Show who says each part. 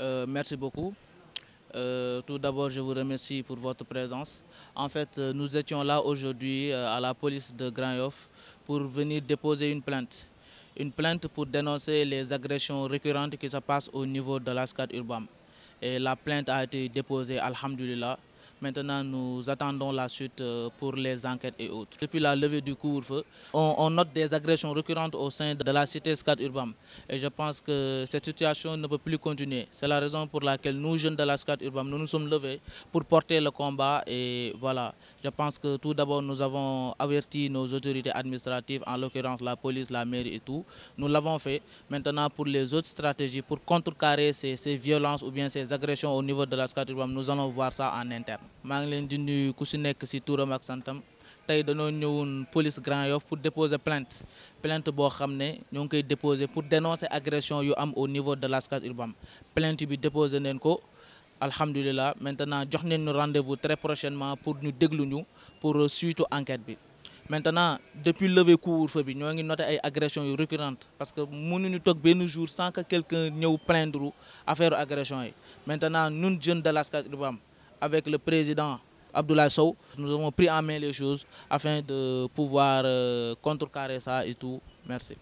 Speaker 1: Euh, merci beaucoup. Euh, tout d'abord, je vous remercie pour votre présence. En fait, euh, nous étions là aujourd'hui à la police de Grand pour venir déposer une plainte. Une plainte pour dénoncer les agressions récurrentes qui se passent au niveau de l'ascad Urbam. Et la plainte a été déposée, alhamdulillah. Maintenant, nous attendons la suite euh, pour les enquêtes et autres. Depuis la levée du couvre on, note des agressions récurrentes au sein de la cité SCAD Urbam. Et je pense que cette situation ne peut plus continuer. C'est la raison pour laquelle nous, jeunes de la SCAD Urbam, nous nous sommes levés pour porter le combat. Et voilà, je pense que tout d'abord, nous avons averti nos autorités administratives, en l'occurrence la police, la mairie et tout. Nous l'avons fait. Maintenant, pour les autres stratégies, pour contrecarrer ces, violences ou bien ces agressions au niveau de la SCAD Urbam, nous allons voir ça en interne. Je suis leen di nuyu ku si police Grand pour déposer plainte plainte boo xam ne déposer pour dénoncer agression au niveau de l'Ascat Urbam plainte bi déposée neen ko maintenant jox neen rendez-vous très prochainement pour nous déglu pour suite enquête maintenant depuis lever cours, nous avons une agression noté ay agressions yu récurrentes parce que mënuñu toog jour sans que quelqu'un nous plaindre affaire agression maintenant nous jeunes de l'Ascat Urbam avec le président Abdoulaye Nous avons pris en main les choses afin de pouvoir euh, contrecarrer ça et tout. Merci.